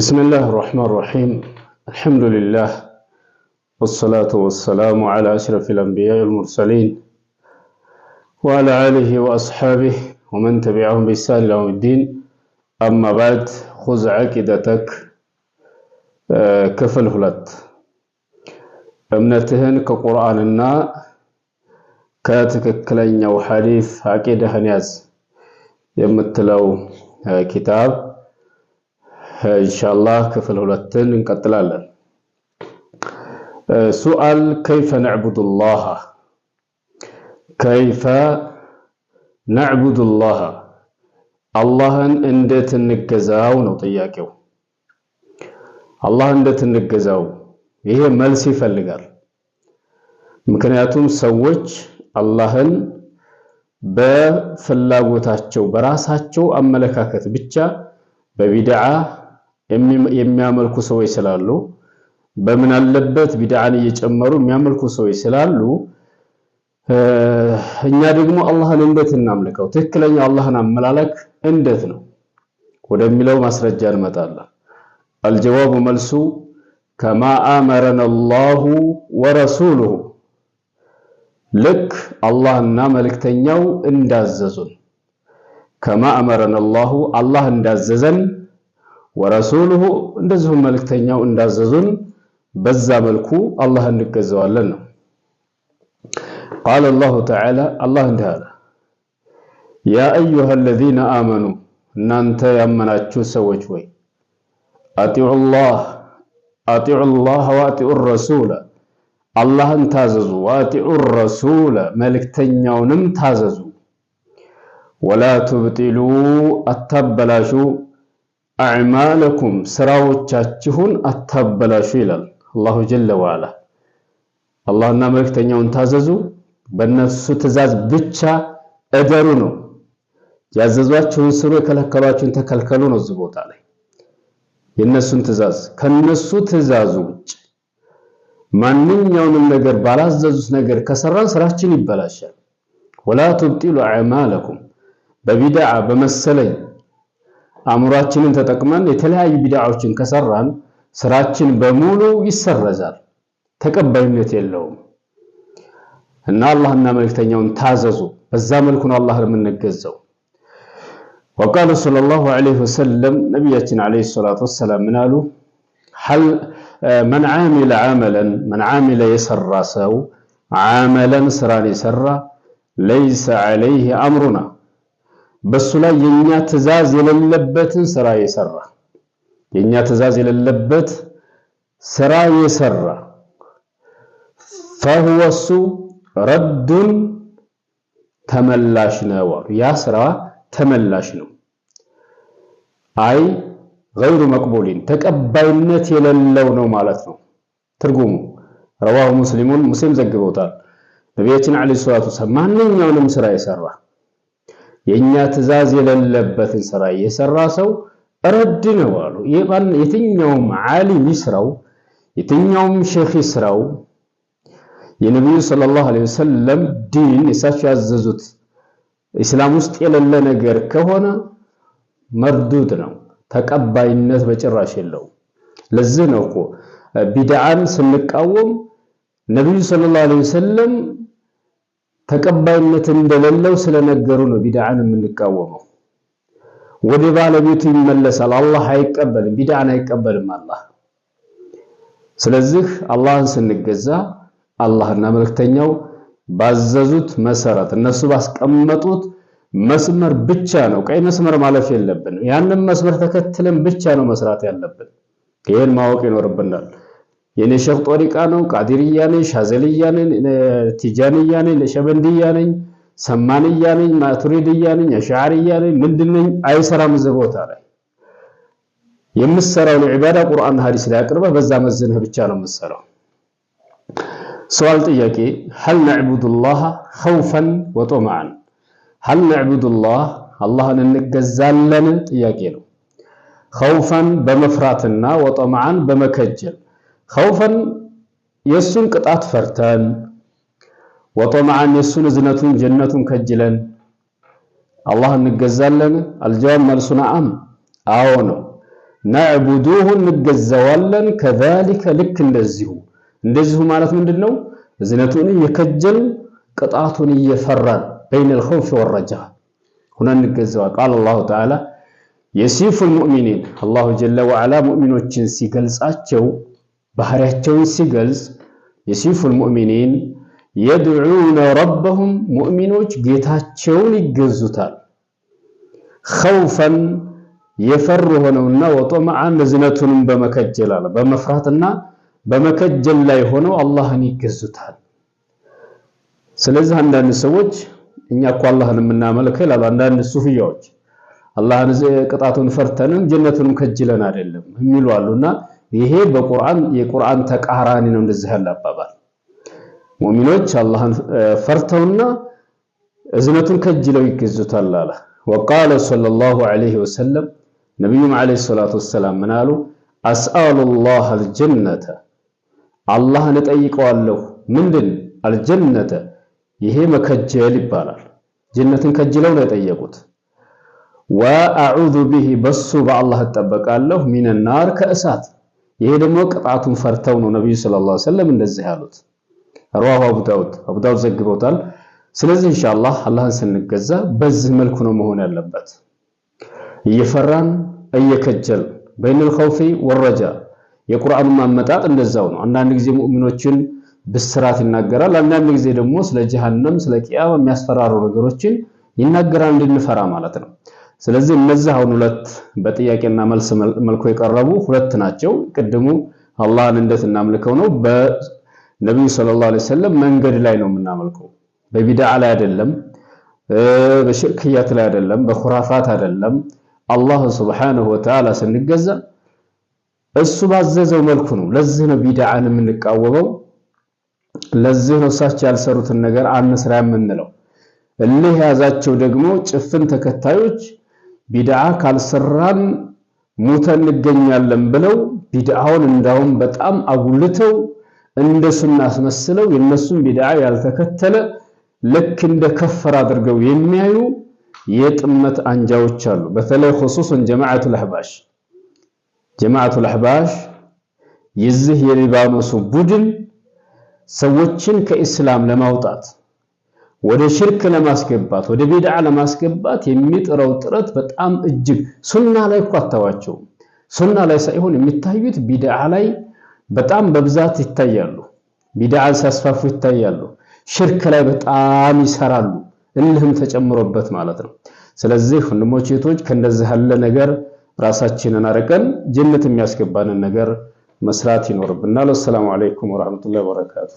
بسم الله الرحمن الرحيم الحمد لله والصلاة والسلام على أشرف الأنبياء والمرسلين وعلى آله وأصحابه ومن تبعهم بإحسان إلى يوم الدين أما بعد خذ عقيدتك آه، كفل هلت كاتك ከቁርአንና ከትክክለኛው حديث عقيدة هنياز يمتلو آه، كتاب ኢንሻአላህ ክፍል ሁለትን እንቀጥላለን። ሱአል ከይፈ ነዕቡዱላህ ከይፈ ነዕቡዱላህ አላህን እንዴት እንገዛው ነው ጥያቄው። አላህን እንዴት እንገዛው? ይሄ መልስ ይፈልጋል። ምክንያቱም ሰዎች አላህን በፍላጎታቸው በራሳቸው አመለካከት ብቻ በቢድዓ የሚያመልኩ ሰዎች ስላሉ በምን አለበት ቢድዓን እየጨመሩ የሚያመልኩ ሰዎች ስላሉ እኛ ደግሞ አላህን እንዴት እናምልከው? ትክክለኛ አላህን አመላለክ እንዴት ነው ወደሚለው ማስረጃ እንመጣለን። አልጀዋቡ መልሱ ከማ አመረን አላሁ ወረሱሉሁ ልክ አላህና መልእክተኛው እንዳዘዙን ከማ አመረን አላሁ አላህ እንዳዘዘን ወረሱሉሁ እንደዚሁም መልክተኛው እንዳዘዙን በዛ መልኩ አላህ እንገዘዋለን ነው። ቃለ አላሁ ተዓላ አላህ እንዲህ አለ፣ ያ አዩሃ አለዚነ አመኑ እናንተ ያመናችሁ ሰዎች ወይ አጢዑ ላህ ወአጢዑ ረሱለ አላህን ታዘዙ፣ ወአጢዑ ረሱለ መልእክተኛውንም ታዘዙ፣ ወላ ቱብጢሉ አታበላሹ አዕማለኩም ስራዎቻችሁን አታበላሹ ይላል አላሁ ጀለ ወዓላ። አላህና መልክተኛውን ታዘዙ፣ በነሱ ትእዛዝ ብቻ እደሩ ነው። ያዘዟችሁን ስሩ፣ የከለከሏችሁን ተከልከሉ ነው። እዚህ ቦታ ላይ የእነሱን ትእዛዝ ከነሱ ትእዛዙ ውጭ ማንኛውንም ነገር ባላዘዙት ነገር ከሰራን ስራችን ይበላሻል። ወላ ቱብጢሉ አዕማለኩም በቢድዓ በመሰለኝ አእምሯችንን ተጠቅመን የተለያዩ ቢድዓዎችን ከሰራን ስራችን በሙሉ ይሰረዛል፣ ተቀባይነት የለውም። እና አላህና መልክተኛውን ታዘዙ። በዛ መልኩ ነው አላህ የምንገዛው። ወቃለ ሰለላሁ ዐለይሂ ወሰለም ነቢያችን ዐለይሂ ሰላቱ ወሰላም ምን አሉ? መን ዓሚለ ዓመለን መን ዓሚለ የሰራ ሰው ዓመለን ስራን የሰራ ለይሰ ዐለይህ አምሩና በሱ ላይ የኛ ትእዛዝ የሌለበትን ስራ የሰራ የኛ ትእዛዝ የሌለበት ስራ የሰራ ፈህወሱ ረዱን ተመላሽ ነው አሉ። ያ ስራ ተመላሽ ነው። አይ ገይሩ መቅቡሊን ተቀባይነት የሌለው ነው ማለት ነው ትርጉሙ። ረዋሁ ሙስሊሙን ሙስሊም ዘግበውታል። ነቢያችን ዓለይሂ ሰላቱ ወሰላም ማንኛውንም ስራ የሰራ የኛ ትእዛዝ የሌለበትን ስራ የሰራ ሰው ረድ ነው አሉ። የትኛውም ዓሊም ይስራው፣ የትኛውም ሼክ ይስራው የነቢዩ ሰለላሁ ዐለይሂ ወሰለም ዲን እሳቸው ያዘዙት ኢስላም ውስጥ የሌለ ነገር ከሆነ መርዱድ ነው፣ ተቀባይነት በጭራሽ የለው። ለዚህ ነው እኮ ቢድዓን ስንቃወም ነቢዩ ሰለላሁ ዐለይሂ ወሰለም ተቀባይነት እንደሌለው ስለነገሩ ነው ቢድዓን የምንቃወመው። ወደ ባለቤቱ ይመለሳል። አላህ አይቀበልም፣ ቢድዓን አይቀበልም አላህ። ስለዚህ አላህን ስንገዛ አላህና መልክተኛው ባዘዙት መሰረት እነሱ ባስቀመጡት መስመር ብቻ ነው። ቀይ መስመር ማለፍ የለብንም። ያንን መስመር ተከትለን ብቻ ነው መስራት ያለብን። ይህን ማወቅ ይኖርብናል። የኔ ጦሪቃ ነው፣ ቃዲርያ ነኝ፣ ሻዘልያ ነኝ፣ ቲጃንያ ነኝ፣ ሸበንድያ ነኝ፣ ሰማንያ ነኝ፣ ማቱሪድያ ነኝ፣ አሽዓርያ ነኝ፣ ምንድን ነኝ አይሰራም። እዚህ ቦታ ላይ የምትሰራውን ዒባዳ ቁርአን ሀዲስ ላይ አቅርበ በዛ መዝነህ ብቻ ነው የምሰራው ሰዋል ጥያቄ ሀል ነዕቡዱላህ ኸውፈን ወጦማዓን ሀል ነዕቡዱላህ አላህን እንገዛለን ጥያቄ ነው። ኸውፈን በመፍራትና ወጦማዓን በመከጀል ከውፈን የእሱን ቅጣት ፈርተን ወጦምዓን የእሱን እዝነቱን ጀነቱን ከጅለን አላህ እንገዛለን? አልጀዋብ መልሱ ነዓም አዎ ነው። ነዕቡዱሁ እንገዛዋለን። ከዛሊከ ልክ እንደዚሁ እንደዚሁ ማለት ምንድን ነው? እዝነቱን እየከጀል ቅጣቱን እየፈራን በይነል ኸውፊ ወረጃ ሁነን እንገዛዋለን። ቃለ አላሁ ተዓላ የሲፉል ሙእሚኒን አላሁ ጀለ ወዓላ ሙእሚኖችን ሲገልጻቸው ባህሪያቸውን ሲገልጽ የሲፉል ሙእሚኒን የድዑነ ረበሁም ሙእሚኖች ጌታቸውን ይገዙታል። ኸውፈን የፈሩ ሆነውና ወጦመዓን እዝነቱንም በመከጀል አለ በመፍራትና በመከጀል ላይ ሆነው አላህን ይገዙታል። ስለዚህ አንዳንድ ሰዎች እኛ እኮ አላህን የምናመልክ ይላሉ አንዳንድ ሱፍያዎች አላህን ቅጣቱን ፈርተንም ጀነቱንም ከጅለን አይደለም የሚሉ አሉና ይሄ በቁርአን የቁርአን ተቃራኒ ነው። እንደዚህ ያለ አባባል ሙእሚኖች አላህን ፈርተውና እዝነቱን ከጅለው ይገዙታል አለ። ወቃለ ሰለላሁ ዐለይሂ ወሰለም ነቢዩም ዐለይሂ ሰላቱ ወሰላም ምን አሉ? አስአሉላህ አልጀነተ አላህን እጠይቀዋለሁ። ምንድን አልጀነተ? ይሄ መከጀል ይባላል። ጀነትን ከጅለው ነው የጠየቁት። ወአዑዙ ቢሂ በሱ በአላህ እጠበቃለሁ ሚነናር ከእሳት ይሄ ደግሞ ቅጣቱን ፈርተው ነው ነብዩ ሰለላሁ ዐለይሂ ወሰለም እንደዚህ ያሉት። ሩዋሁ አቡ ዳውድ አቡ ዳውድ ዘግቦታል። ስለዚህ ኢንሻአላህ አላህን ስንገዛ በዚህ መልኩ ነው መሆን ያለበት። እየፈራን እየከጀል በይነል ኸውፊ ወረጃ የቁርአኑ ማመጣጥ እንደዛው ነው። አንዳንድ ጊዜ ሙእሚኖችን ብስራት ይናገራል። አንዳንድ ጊዜ ደግሞ ስለ ጀሃነም ስለ ቂያማ የሚያስፈራሩ ነገሮችን ይናገራል እንድንፈራ ማለት ነው። ስለዚህ እነዚህ አሁን ሁለት በጥያቄና መልስ መልኩ የቀረቡ ሁለት ናቸው። ቅድሙ አላህን እንዴት እናምልከው ነው። በነቢዩ ሰለላሁ ዐለይሂ ወሰለም መንገድ ላይ ነው የምናመልከው። በቢድዓ ላይ አይደለም፣ በሽርክያት ላይ አይደለም፣ በኹራፋት አይደለም። አላህ ሱብሓነሁ ወተዓላ ስንገዛ እሱ ባዘዘው መልኩ ነው። ለዚህ ነው ቢድዓን የምንቃወመው። ለዚህ ነው እሳቸው ያልሰሩትን ነገር አንስራ የምንለው። እልህ ያዛቸው ደግሞ ጭፍን ተከታዮች ቢድአ ካልሰራን ሙተን እንገኛለን ብለው ቢድአውን እንዳውም በጣም አጉልተው እንደ ሱና አስመስለው የነሱን ቢድአ ያልተከተለ ልክ እንደ ከፈር አድርገው የሚያዩ የጥመት አንጃዎች አሉ። በተለይ ኹሱሰን ጀማዓቱል አህባሽ ጀማዓቱል አህባሽ የዚህ የሊባኖሱ ቡድን ሰዎችን ከኢስላም ለማውጣት ወደ ሽርክ ለማስገባት ወደ ቢድዓ ለማስገባት የሚጥረው ጥረት በጣም እጅግ ሱና ላይ እኮ አታዋቸው። ሱና ላይ ሳይሆን የሚታዩት ቢድዓ ላይ በጣም በብዛት ይታያሉ። ቢድዓ ሲያስፋፉ ይታያሉ። ሽርክ ላይ በጣም ይሰራሉ። እልህም ተጨምሮበት ማለት ነው። ስለዚህ ወንድሞች እህቶች፣ ከእንደዚህ ያለ ነገር ራሳችንን አርቀን ጀነት የሚያስገባንን ነገር መስራት ይኖርብናል። ወሰላሙ አለይኩም ወራህመቱላሂ ወበረካቱ።